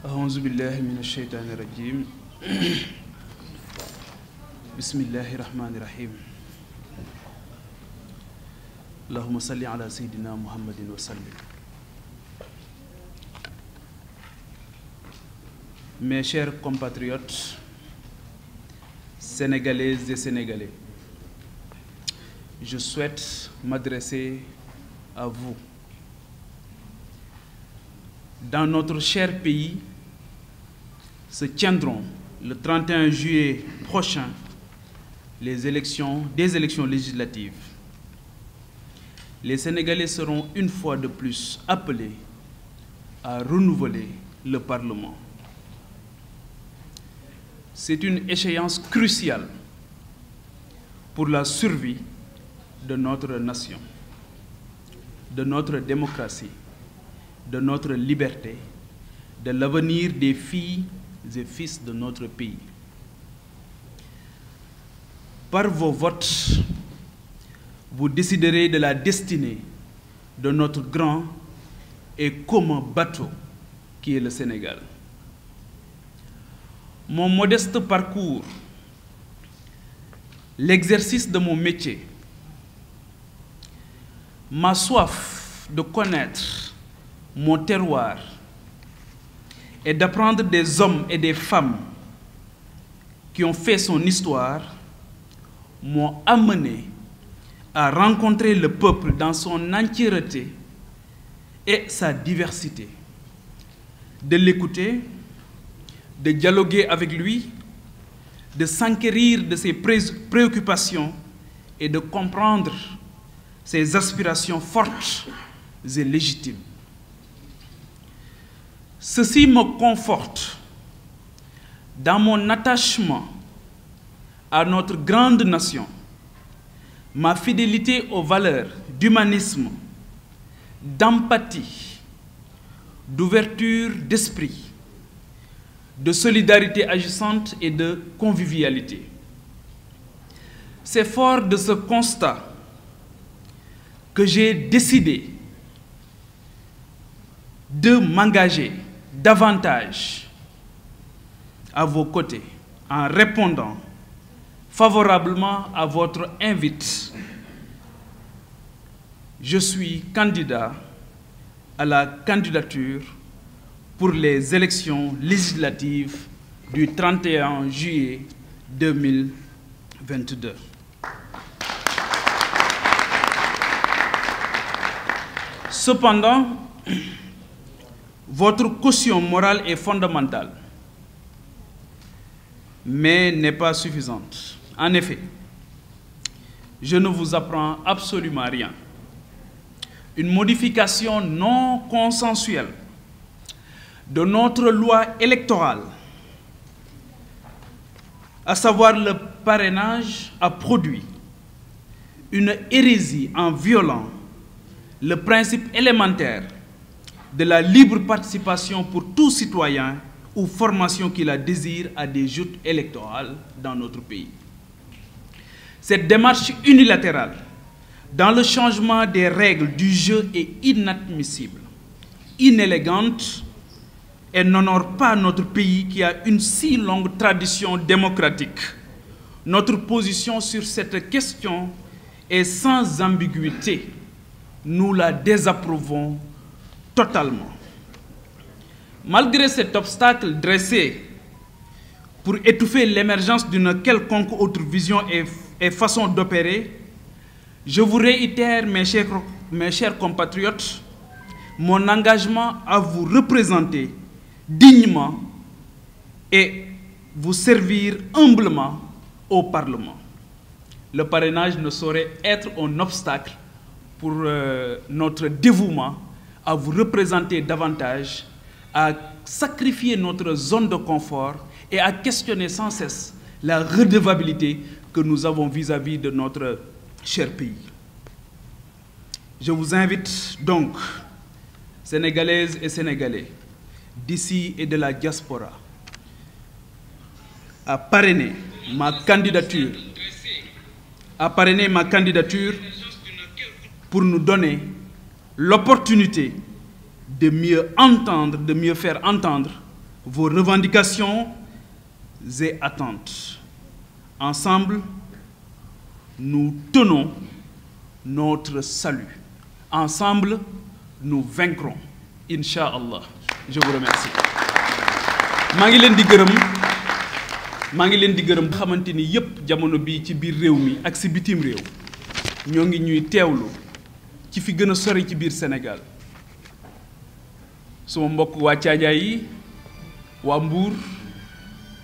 Mes chers compatriotes sénégalaises et sénégalais, je souhaite m'adresser à vous dans notre cher pays se tiendront le 31 juillet prochain les élections, des élections législatives. Les Sénégalais seront une fois de plus appelés à renouveler le Parlement. C'est une échéance cruciale pour la survie de notre nation, de notre démocratie de notre liberté, de l'avenir des filles et fils de notre pays. Par vos votes, vous déciderez de la destinée de notre grand et commun bateau qui est le Sénégal. Mon modeste parcours, l'exercice de mon métier, ma soif de connaître mon terroir, et d'apprendre des hommes et des femmes qui ont fait son histoire, m'ont amené à rencontrer le peuple dans son entièreté et sa diversité, de l'écouter, de dialoguer avec lui, de s'enquérir de ses préoccupations et de comprendre ses aspirations fortes et légitimes. Ceci me conforte dans mon attachement à notre grande nation, ma fidélité aux valeurs d'humanisme, d'empathie, d'ouverture d'esprit, de solidarité agissante et de convivialité. C'est fort de ce constat que j'ai décidé de m'engager davantage à vos côtés en répondant favorablement à votre invite. Je suis candidat à la candidature pour les élections législatives du 31 juillet 2022. Cependant, votre caution morale est fondamentale, mais n'est pas suffisante. En effet, je ne vous apprends absolument rien. Une modification non consensuelle de notre loi électorale, à savoir le parrainage, a produit une hérésie en violant le principe élémentaire de la libre participation pour tout citoyen ou formation qui la désire à des joutes électorales dans notre pays. Cette démarche unilatérale dans le changement des règles du jeu est inadmissible, inélégante et n'honore pas notre pays qui a une si longue tradition démocratique. Notre position sur cette question est sans ambiguïté. Nous la désapprouvons totalement. Malgré cet obstacle dressé pour étouffer l'émergence d'une quelconque autre vision et, façon d'opérer, je vous réitère, mes chers, mes chers compatriotes, mon engagement à vous représenter dignement et vous servir humblement au Parlement. Le parrainage ne saurait être un obstacle pour euh, notre dévouement à vous représenter davantage, à sacrifier notre zone de confort et à questionner sans cesse la redevabilité que nous avons vis-à-vis de notre cher pays. Je vous invite donc, Sénégalaises et Sénégalais, d'ici et de la diaspora, à parrainer ma candidature, à parrainer ma candidature pour nous donner l'opportunité de mieux entendre, de mieux faire entendre vos revendications et attentes. Ensemble, nous tenons notre salut. Ensemble, nous vaincrons. Inch'Allah. Je vous remercie. ci fi gën a sori ci biir Sénégal suma mbokk waa caajaay waa mbuur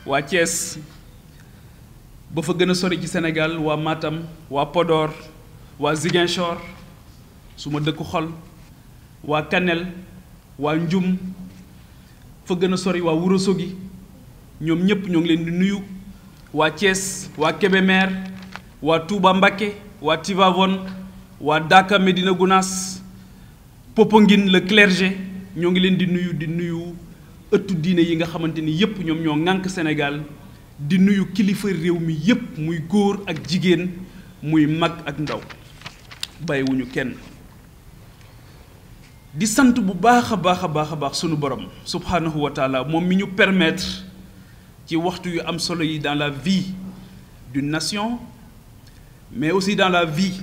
waa Thiès ba fa gën a sori ci Sénégal waa Matam waa Podor waa Ziguinchor suma dëkku xol waa Kanel waa Njum fa gën a sori waa Ourossogui ñoom ñëpp ñoo ngi leen di nuyu waa Thiès waa Kébémer waa Touba Mbacké waa Tivaouane waa Daaka Medina Gounass popongine le clergé ñoo ngi leen di nuyu di nuyu ëttu diine yi nga xamanteni ni yépp ñom ñoo ngank Sénégal di nuyu kilifa réew mi yépp muy góor ak jigéen muy mag ak ndaw bàyyiwuñu kenn di sant bu baax a baax a baax a baax sunu borom subhanahu wa taala moom mi ñu permettre ci waxtu yu am solo yi dans la vie d'une nation mais aussi dans la vie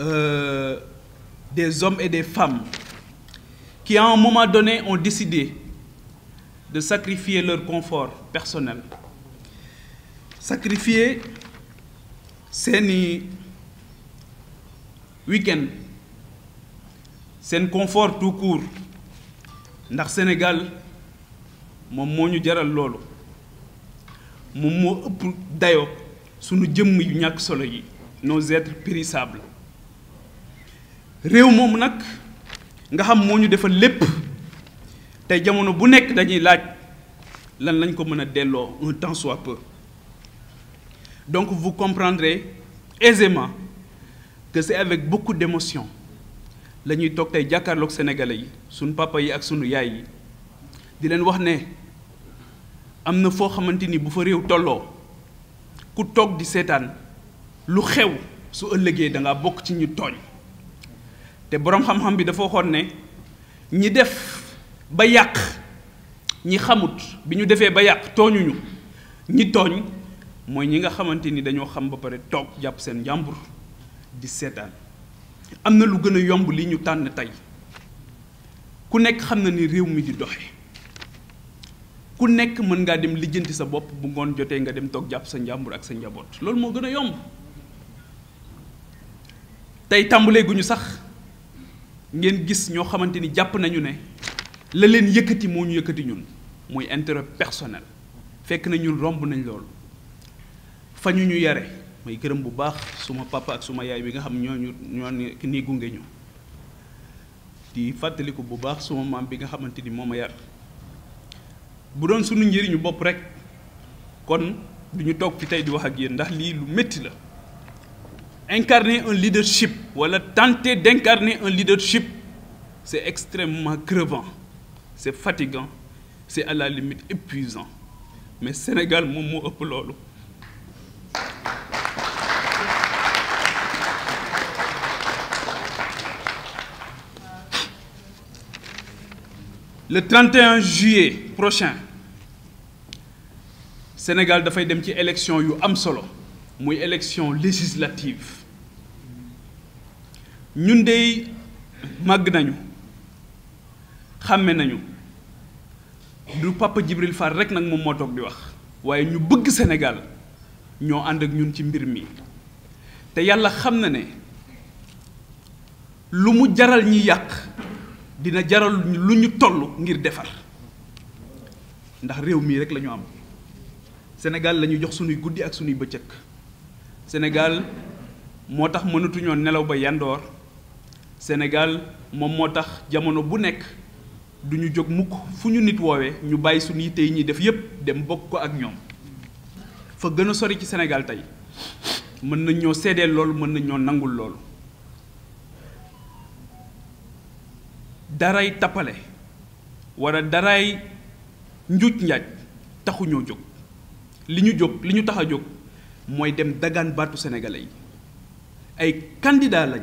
euh, des hommes et des femmes qui, à un moment donné, ont décidé de sacrifier leur confort personnel. Sacrifier un week-end un confort tout court le Sénégal mon moo jaral Mon nos êtres périssables réew moom nag nga xam moo ñu defal lépp tey jamono bu nekk dañuy laaj lan lañ ko mën a delloo un temps soit peu donc vous comprendrez aisément que c'est avec beaucoup d'émotion la ñuy toog tey jàkkaarloog sénégalais yi sunu papa yi ak sunu yaay yi di leen wax ne am na foo xamante ni bu fa réew tolloo ku toog di seetaan lu xew su ëllëgee da nga bokk ci ñu tooñ. te boroom xam-xam bi dafa waxoon ne ñi def ba yàq ñi xamut bi ñu defee ba yàq tooñuñu ñi tooñ mooy ñi nga xamante ni dañoo xam ba pare toog jàpp seen njàmbur di seetaan am na lu gën a yomb li ñu tànn tey ku nekk xam na ni réew mi di doxe ku nekk mën ngaa dem lijjanti sa bopp bu ngoon jotee nga dem toog jàpp sa njàmbur ak sa njaboot loolu moo gën a yomb tey tàmbalee gu ñu sax ngeen gis ñoo xamante ni jàpp nañu ne la leen yëkkati moo ñu yëkkati ñun muy intérêt personnel fekk na ñun romb nañ loolu fa ñu ñu yare may gërëm bu baax suma papa ak suma yaay bi nga xam ñoo ñu ñoo ni gunge ñu di fàttaliku bu baax suma maam bi nga xamante ni moo ma yar bu doon sunu njëriñu bopp rek kon du ñu toog fi tey di wax ak yéen ndax lii lu métti la incarner un leadership Voilà, tenter d'incarner un leadership, c'est extrêmement crevant, c'est fatigant, c'est à la limite épuisant. Mais Sénégal, mon mot Le 31 juillet prochain, Sénégal va faire une élection yu élection législative ñun dey mag nañu xàmme nañu du papa jibril far rek nag moom moo toog di wax waaye ñu bëgg sénégal ñoo ànd ak ñun ci mbir mi te yàlla xam na ne lu mu jaral ñi yàq dina jaral lu ñu toll ngir defar ndax réew mi rek lañu am sénégal lañu jox suni guddi ak sunuy bëccëg sénégal moo tax mënatuñoo nelaw ba Sénégal moom moo tax jamono bu nekk du ñu jóg mukk fu ñu nit woowee ñu bàyyi suñu yitte yi ñuy def yépp dem bokk ko ak ñoom fa gën a sori ci Sénégal tey mën nañ ñoo seedeel loolu mën nañoo ñoo nangul loolu daray tappale wara daray njuuj njaaj taxuñoo jóg li ñu jóg li ñu tax a jóg mooy dem dagaan baatu sénégalais yi ay candidat lañ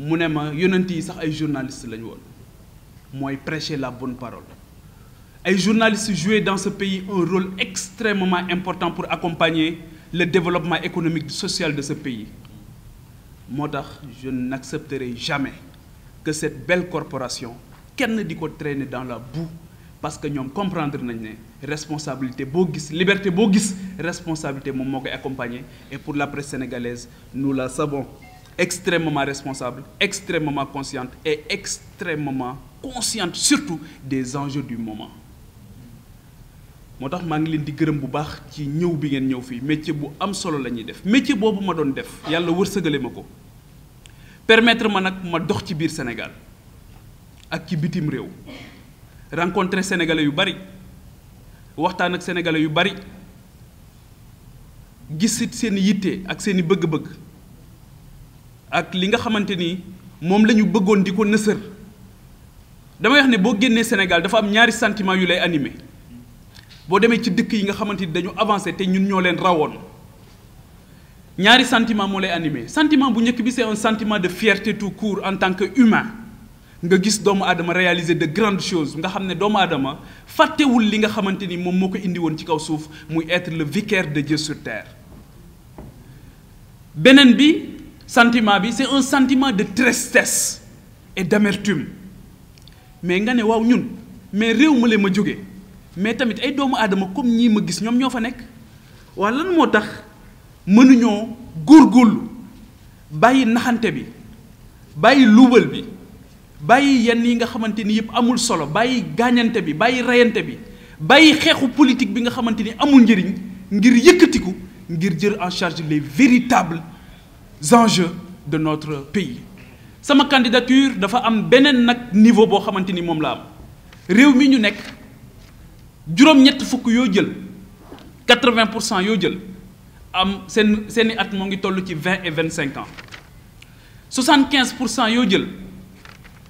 mune ne ma yonent un sax ay journalistes lañ won la bonne parole ay journalistes jouaient dans ce pays un rôle extrêmement important pour accompagner le développement économique et social de ce pays moi je n'accepterai jamais que cette belle corporation kenn ne traîner dans la boue parce que ñom comprendre nañ né responsabilité la gis liberté bo gis responsabilité mom mon, accompagner et pour la presse sénégalaise nous la savons extrêmement responsable, extrêmement consciente et extrêmement consciente surtout des enjeux du moment motax ma ngi leen di gërëm bu baax ci ñëw bi ngeen ñëw fii métier bu am solo la ñuy def métier boobu ma doon def yàlla wërsëgale ma ko permettre ma nag ma dox ci biir Sénégal ak ci bitim réew rencontrer sénégalais yu bari waxtaan ak sénégalais yu bari gisit seen yitte ak seen i bëgg-bëgg ak li nga xamante ni moom bëggoon ko nësër wax ne boo génnee Sénégal dafa am ñaari sentiment yu lay animé boo demee ci dëkk yi nga xamante dañu ñun ñoo leen sentiment lay sentiment bu un sentiment de fierté tout court en tant que humain nga gis doomu réaliser de grandes choses nga xam ne doomu aadama li nga indi le vicaire de Dieu sur terre sentiment bi c'est un sentiment de tristesse et d'amertume mais nga ne waaw ñun mais réew ma leen ma jóge mais tamit ay doomu aadama comme ñii ma gis ñoom ñoo fa nekk waa lan moo tax mënuñoo góorgóorlu bàyyi naxante bi bàyyi luubal bi bàyyi yenn yi nga xamante ni yëpp amul solo bàyyi gaañante bi bàyyi reyante bi bàyyi xeexu politique bi nga xamante ni amul njëriñ ngir yëkkatiku ngir jël en charge les véritables enjeux de notre pays ma candidature dafa am benen nak niveau bo xamanteni mom la am réew mi ñu nek juroom ñett fukk yo jël 80% yo jël am sen sen at moo ngi ci 20 et 25 ans 75% yo jël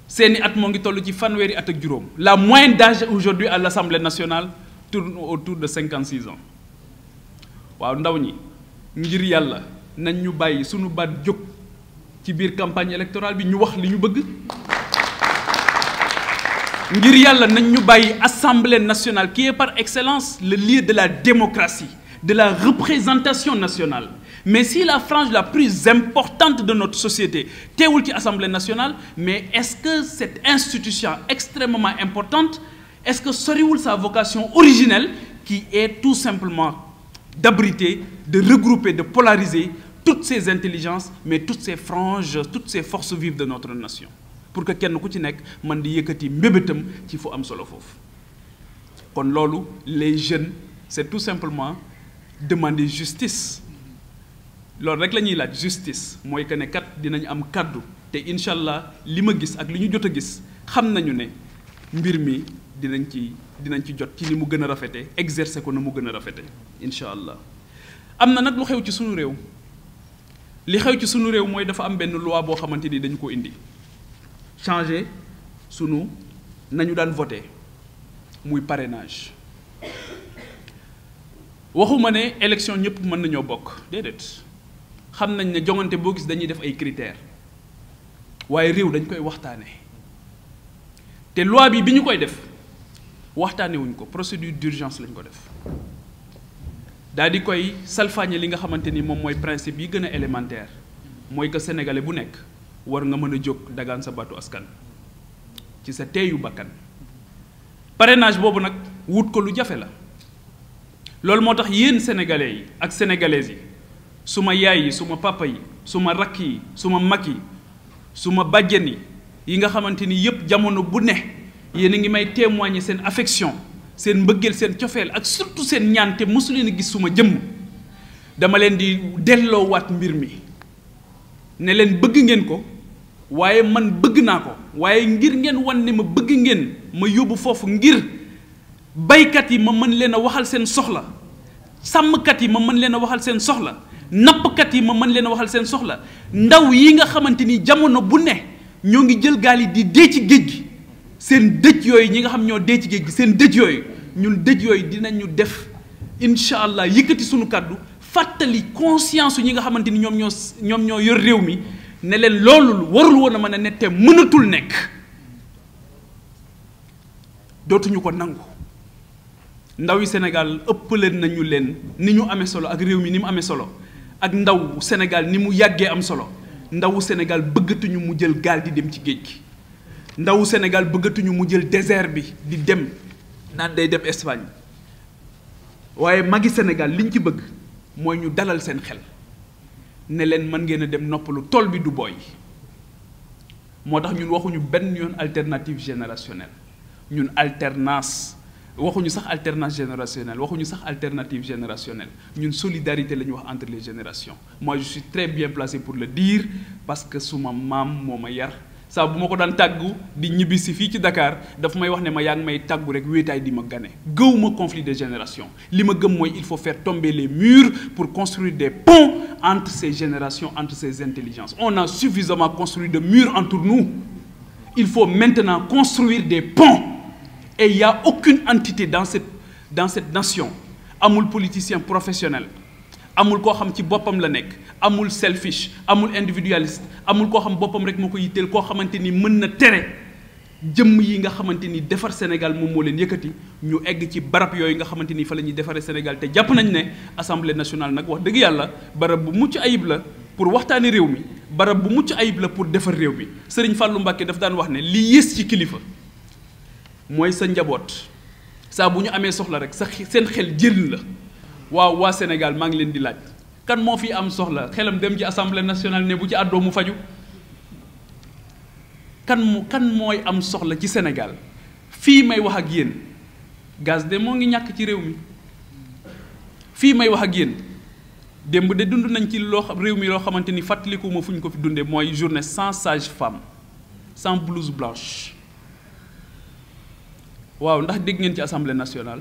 sen at moo ngi toll ci fanweeri at ak juroom. la moyenne d'âge aujourd'hui à l'Assemblée nationale tourne autour de 56 ans waaw ndaw ñi ngir Yalla nañ ñu bàyyi suñu ci campagne électorale bi ñu wax li ñu bëgg ngir assemblée nationale qui est par excellence le lieu de la démocratie de la représentation nationale mais si la frange la plus importante de notre société teewul ci assemblée nationale mais est-ce que cette institution extrêmement importante est-ce que soriwul sa vocation originelle qui est tout simplement d'abriter de regrouper de polariser toutes ces intelligences mais toutes ces franges toutes ces forces vives de notre nation pour que kenn ku ci nekk mën di yëkkati mbébétam ci fu am solo fof. kon loolu les jeunes c'est tout simplement demander justice loolu rek la justice mooy que ne kat dinañ am kàddu te incha allah li ma gis ak li ñu jot a gis xam nañu ne mbir mi dinañ ci dinañ ci jot ci ni mu gën a rafete exercer ko na mu gën a rafete incha allah am na nag lu xew ci sunu réew li xew ci sunu réew mooy dafa am benn loi boo xamante ni dañu ko indi changer sunu nañu daan voté muy parrainage waxuma ne élection ñëpp mën nañoo bokk déedéet xam nañ ne jongante boo gis dañuy def ay critères waaye réew dañ koy waxtaane te loi bi bi ñu koy def waxtaanewuñ ko procédure d'urgence lañ ko def daal di koy salfaañe li nga xamante ni moom mooy principe yi gën a élémentaire mooy que sénégalais bu nekk war nga mën a jóg dagaan sa baatu askan ci sa teeyu bakkan parenage boobu nag wut ko lu jafe la loolu moo tax yéen sénégalais yi ak sénégalaises yi su ma yaay yi su ma papa yi su ma rakk yi su ma mag yi su ma bàjjen yi yi nga xamante ni yépp jamono bu ne yéen a ngi may témoigner seen affection seen mbeugel seen tiofel ak surtout seen ñaante mosu leen gis suma jëm dama leen di wat mbir mi ne leen bëgg ngeen ko waaye man bëgg naa ko waaye ngir ngeen wan ne ma bëgg ngeen ma yóbbu foofu ngir baykat yi ma mën leen a waxal seen soxla sàmmkat yi ma mën leen a waxal seen soxla nappkat yi ma mën leen waxal seen soxla ndaw yi nga xamante jamono bu ne ñoo jël gaal di dee ci géej seen dëj yooyu ñi nga xam ñoo dee ci géej gi seen dëj yooyu ñun dëj yooyu dinañu def incha allah yëkkati suñu kàddu fàttali conscience ñi nga xamante ni ñoom ñoo ñoom ñoo yor réew mi ne leen loolu warul woon a mën a ne te mënatul nekk dootuñu ko nangu ndaw yi Sénégal leen nañu leen ni ñu amee solo ak réew mi ni mu amee solo ak ndaw Sénégal ni mu yàggee am solo ndawu Sénégal bëggatuñu mu jël gaal di dem ci géej gi. ndaw Sénégal bëggatuñu mu jël désert bi di dem naan day dem Espagne waaye magi Sénégal liñ ci bëgg mooy ñu dalal seen xel ne leen mën ngeen a dem noppalu tol bi du booy moo tax ñun waxuñu benn yoon alternative générationnelle ñun alternance waxuñu sax alternance générationnelle waxuñu sax alternative générationnelle ñun solidarité la ñu wax entre les générations moi je suis très bien placé pour le dire parce que suma maam moo ma yar saa bu ma ko daan tàggu di ñibbi si ci Dakar daf may wax ne ma yaa may tàggu rek wéetaay di ma gane conflit de génération li ma gëm mooy il faut faire tomber les murs pour construire des ponts entre ces générations entre ces intelligences on a suffisamment construit de murs entre nous il faut maintenant construire des ponts et il y a aucune entité dans cette dans cette nation amul politicien professionnel amul ko xam ci bopam la nek amul selfish amul individualist, amul ko xam bopam rek moo ko xamanteni koo mën na tere jëm yi nga xamanteni défar defar sénégal mom mo leen yëkëti ñu egg ci barab yoy nga xamanteni fa défaré sénégal te japp nañ ne assemblée nationale nak wax dëgg yalla barab bu mucc ayib la pour waxtani réew mi barab bu mucc ayib la pour defar réew mi sëriñ fallu mbacké daf daan wax né li yées ci kilifa moy sa njabot sa buñu amé soxla rek sa sen xel jël la waaw waa Sénégal maa ngi leen di laaj kan moo fi am soxla xelam dem ci assemblée nationale ne bu ci àddoo mu faju kan mu kan mooy am soxla ci Sénégal fii may wax ak yéen gaz de moo ngi ñàkk ci réew mi fii may wax ak yéen démb de dund nañ ci loo xam réew mi loo xamante ni fàttalikuma fu ñu ko fi dundee mooy journée sans sage femme sans blouse blanche waaw ndax dégg ngeen ci assemblée nationale.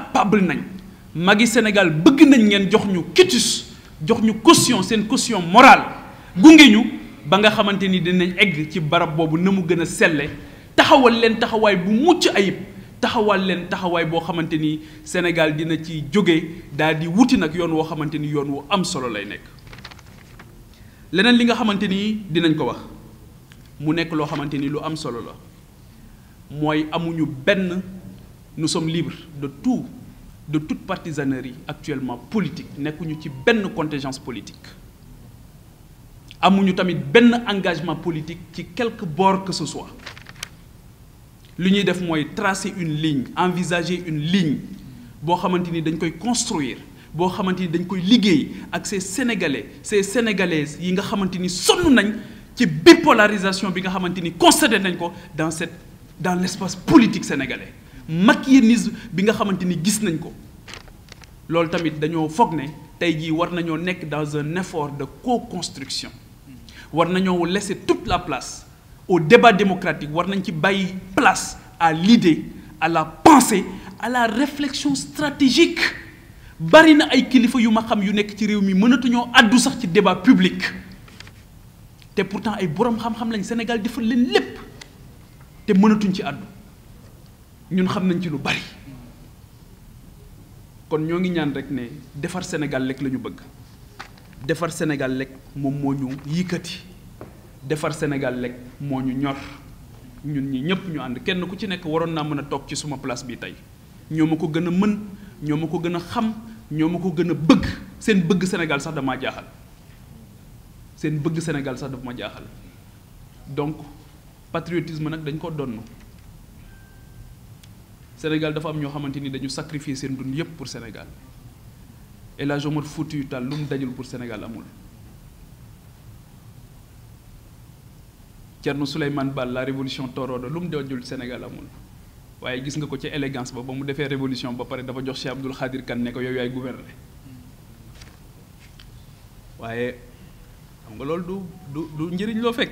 capable nañ magi Sénégal bëgg nañ ngeen jox ñu quitus jox ñu caution seen caution morale gunge ñu ba nga xamante ni dinañ egg ci barab boobu na mu gën a selle taxawal leen taxawaay bu mucc ayib taxawal leen taxawaay boo xamante ni Sénégal dina ci jóge daal wuti nag yoon woo xamante ni yoon wu am solo lay nekk leneen li nga xamante ni dinañ ko wax mu nekk loo xamante ni lu am solo la mooy amuñu benn nous sommes libres de tout de toute partisanerie actuellement politique Nous ci une contingence politique Nous tamit benn engagement politique ci quelque bord que ce soit Nous ñuy def tracer une ligne envisager une ligne boo nous koy construire bo xamanteni dañ koy ces sénégalais ces sénégalaises yi nga xamanteni sonu nañ ci bipolarisation bi nga xamanteni constater nañ dans cette dans l'espace politique sénégalais machianisme bi nga xamante ni gis nañ ko loolu tamit dañoo foog ne tey jii war nañoo nekk dans un effort de co-construction war nañoo laisser toute la place au débat démocratique war nañ ci bàyyi place à l'idée à la pensée à la réflexion stratégique bari na ay kilifa yu ma xam yu nekk ci réew mi mënatuñoo addu sax ci débat public te pourtant ay borom xam-xam lañ Sénégal defal leen lépp te mënatuñ ci addu ñun xam nañ ci lu bari kon ñoo ngi ñaan rek ne defar Sénégal lekk la bëgg defar Sénégal lekk moom moo ñu yëkkati defar Sénégal lekk moo ñu ñor ñun ñi ñëpp ñu ànd kenn ku ci nekk waroon naa mën a toog ci suma place bi tey ñoo ma ko gën a mën ñoo ma ko gën a xam ñoo ma ko gën a bëgg seen bëgg Sénégal sax damaa jaaxal seen bëgg Sénégal sax daf ma jaaxal donc patriotisme nag dañ ko donn Sénégal dafa am ñoo xamante ni dañu sacrifier pour Sénégal Et la lu pour Sénégal amul. Thierno Souleymane Ball la révolution Torodo lu mu dajul Sénégal amul waaye gis nga ko élégance ba ba mu révolution ba pare dafa jox Cheikh Abdoul Khadir Kane ne ko yow xam du du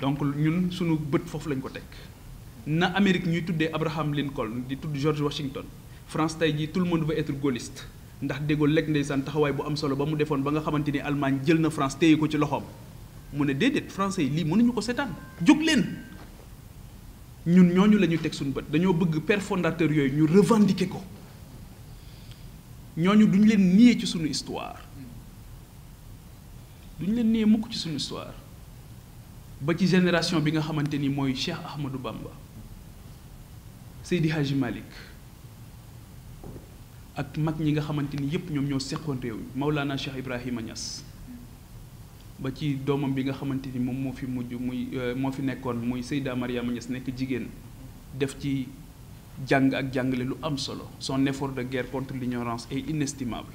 donc ñun sunu lañ na Amérique ñuy de Abraham Lincoln di tudd George Washington France dit tout le monde veut être gaulliste ndax De lekk ndeysaan taxawaay bu am solo ba mu na France téye ci loxoom mu ne français yi lii mënuñu ko seetaan jóg leen ñun ñooñu la ñu nous suñu bët bëgg père fondateur ñu revendiquer ko ñooñu duñu leen nié ci histoire duñu leen mukk histoire ba génération bi nga Cheikh Ahmadou Bamba Seydi Hadji Malik, ak mag ñi nga xamante ni yépp ñoom ñoo seqoon réew mi Maulana Cheikh Ibrahima Niass ba ci doomam bi nga xamante ni moom moo fi mujj muy euh, moo fi nekkoon muy Seyda Mariama Niass nekk jigéen def ci jàng ak jàngale lu am solo son effort de guerre contre l'ignorance est inestimable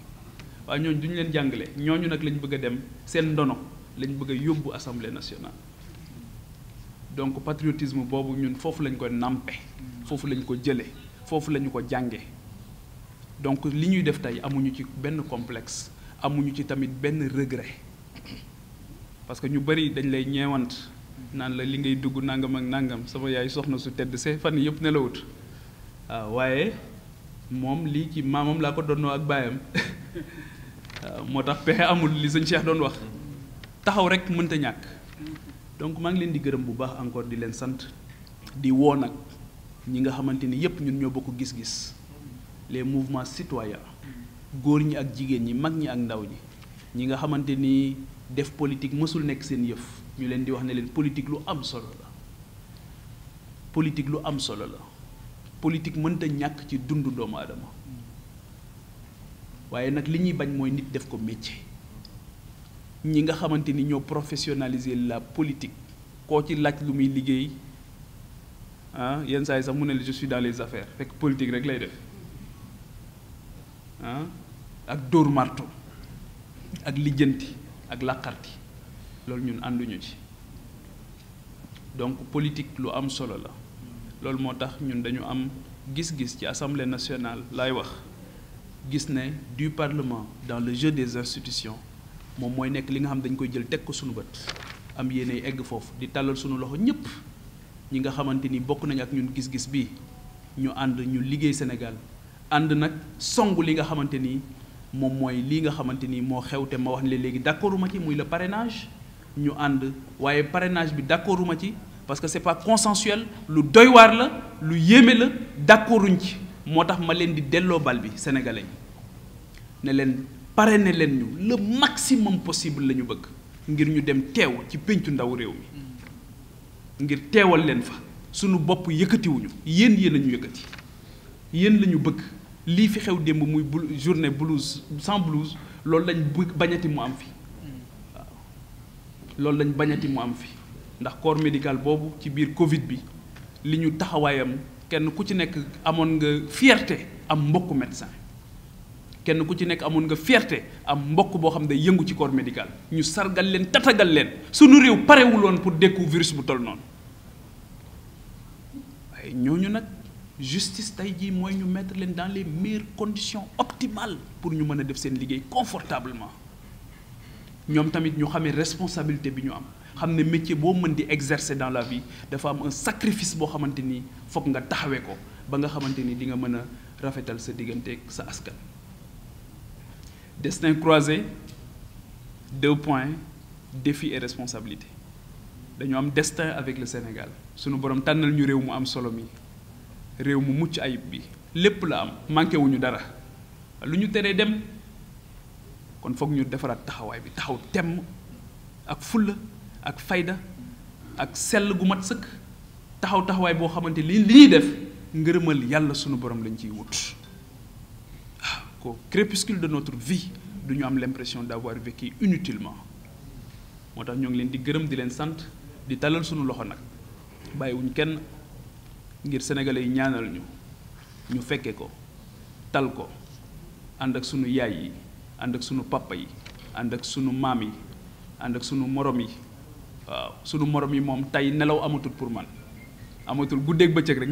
waaye ñooñu du ñu leen jàngale ñooñu nag lañ bëgg a dem seen ndono lañ bëgg a yóbbu assemblée nationale donc patriotisme boobu ñun foofu lañ ko nàmpe foofu lañ ko jële foofu lañu ko jànge donc li ñuy def tey amuñu ci benn complex amuñu ci tamit benn regret parce que ñu bëri dañ lay ñeewant naan la li ngay dugg nangam ak nangam sama yaay soxna su tedd see fan yëpp nelawut waaw ah, waaye moom lii ci maamam laa ko donnoo ak baayam ah, moo tax pexe amul li sañ Cheikh doon wax taxaw rek mënta ñàkk donc maa ngi leen di gërëm bu baax encore di leen sant di woo nag ñi nga xamante ni yépp ñun ñoo bokk gis-gis les mouvements citoyens góor ñi ak jigéen ñi mag ñi ak ndaw ñi ñi nga xamante ni def politique mësul nekk seen yëf ñu leen di wax ne leen politique lu am solo la politique lu am solo la politique mënta ñàkk ci dundu doomu aadama waaye nag li ñuy bañ mooy nit def ko métier. ñi nga xamante professionnaliser la politique ci lu muy ah je suis dans les affaires fekk politique rek lay ah ak marto ak ak donc politique lu am solo la loolu moo ñun dañu gis-gis ci assemblée nationale laay wax du parlement dans le jeu des institutions moom mooy nekk li nga xam dañ koy jël teg ko sunu bët am yéene egg foofu di tàllal sunu loxo ñëpp ñi nga xamante ni bokk nañ ak ñun gis-gis bii ñu ànd ñu liggéey Sénégal ànd nag song li nga xamante ni moom mooy nga xamante ni moo te ma wax ne léegi d'accorduma ci muy le parrainage ñu ànd waaye parrainage bi d'accorduma ci parce que c'est pas consensuel lu doy la lu yéeme la d'accorduñ ci moo tax ma leen di delloo bal bi sénégalais ne leen parrainé leen ñu le maximum possible lañu bëgg ngir ñu dem teew ci péncu ndaw réew mi ngir teewal leen fa sunu bopp yëkkatiwuñu yéen yéen a ñu yëkkati yéen lañu bëgg lii fi xew démb muy bul journée blouse sans blouse loolu lañ bañati mu am fi waaw loolu lañ bañati mu am fi ndax corps médical boobu ci biir Covid bi li ñu taxawaayam kenn ku ci nekk amoon nga fierte am mbokku médecin. kenn ku ci nekk amoon nga fierté am mbokk boo xam ne yëngu ci corps médical ñu sargal leen tatagal leen suñu réew parewuloon pour dékku virus bu toll noonu waaye ñooñu nag justice tey jii mooy ñu mettre leen dans les meilleures conditions optimales pour ñu mën a def seen liggéey confortablement ñoom tamit ñu xamee responsabilité bi ñu am xam ne métier boo mën di exercer dans la vie dafa am un sacrifice boo xamante ni foog nga taxawee ko ba nga xamante ni di nga mën a rafetal sa digganteeg sa askan. Destin croisé deux points défi et responsabilité dañu am destin avec le Sénégal sunu borom tànnal ñu réew mu am solo mi réew mu mucc ayib bi lépp la am manqué wuñu dara lu ñu dem kon fokk ñu defaraat taxaway bi taxaw temm ak fulla ak fayda ak sel gu mat sëkk taxaw taxaway bo li li def ngeureumal yalla sunu borom lañ ciy wut crépuscule de notre vie nous avons l'impression d'avoir vécu inutilement moo dans ngi leen di gërëm di leen avons di talal suñu loxo kenn ngir sénégalais ñaanal ñu ñu nous ko tal ko ak avons yaay yi ak avons papa yi yi ak morom yi waaw suñu morom yi moom tey nelaw amatul pour man amatul guddeeg bëccëg rek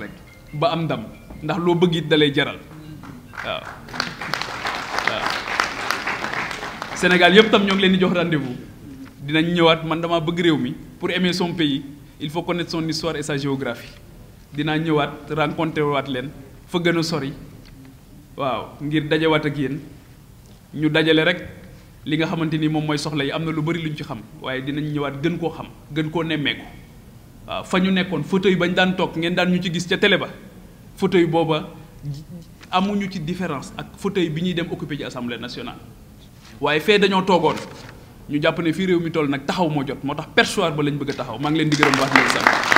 rek ba am ndam ndax loo bëgg it jaral waaw waaw Sénégal yëpp tam ñoo ngi leen di jox rendez-vous dinañ ñëwaat man dama bëgg réew mi pour aimer son pays il faut connaître son histoire et sa géographie dinaa ñëwaat rencontré waat leen fa gën a sori waaw ngir dajewaat ak yéen ñu dajale rek li nga xamante ni moom mooy soxla yi am na lu bari luñ ci xam waaye dinañ ñëwaat gën koo xam gën koo nemmeeku waaw fa ñu nekkoon fauteuil bañ daan toog ngeen daan ñu ci gis ca télé ba fauteuil booba amuñu ci différence ak fauteuil bi ñuy dem occupé ci assemblée nationale waaye fee dañoo toogoon ñu jàpp ne fii réew mi toll nag taxaw moo jot moo tax perchoir ba lañ bëgg a taxaw maa ngi leen di gërëm wax leen sant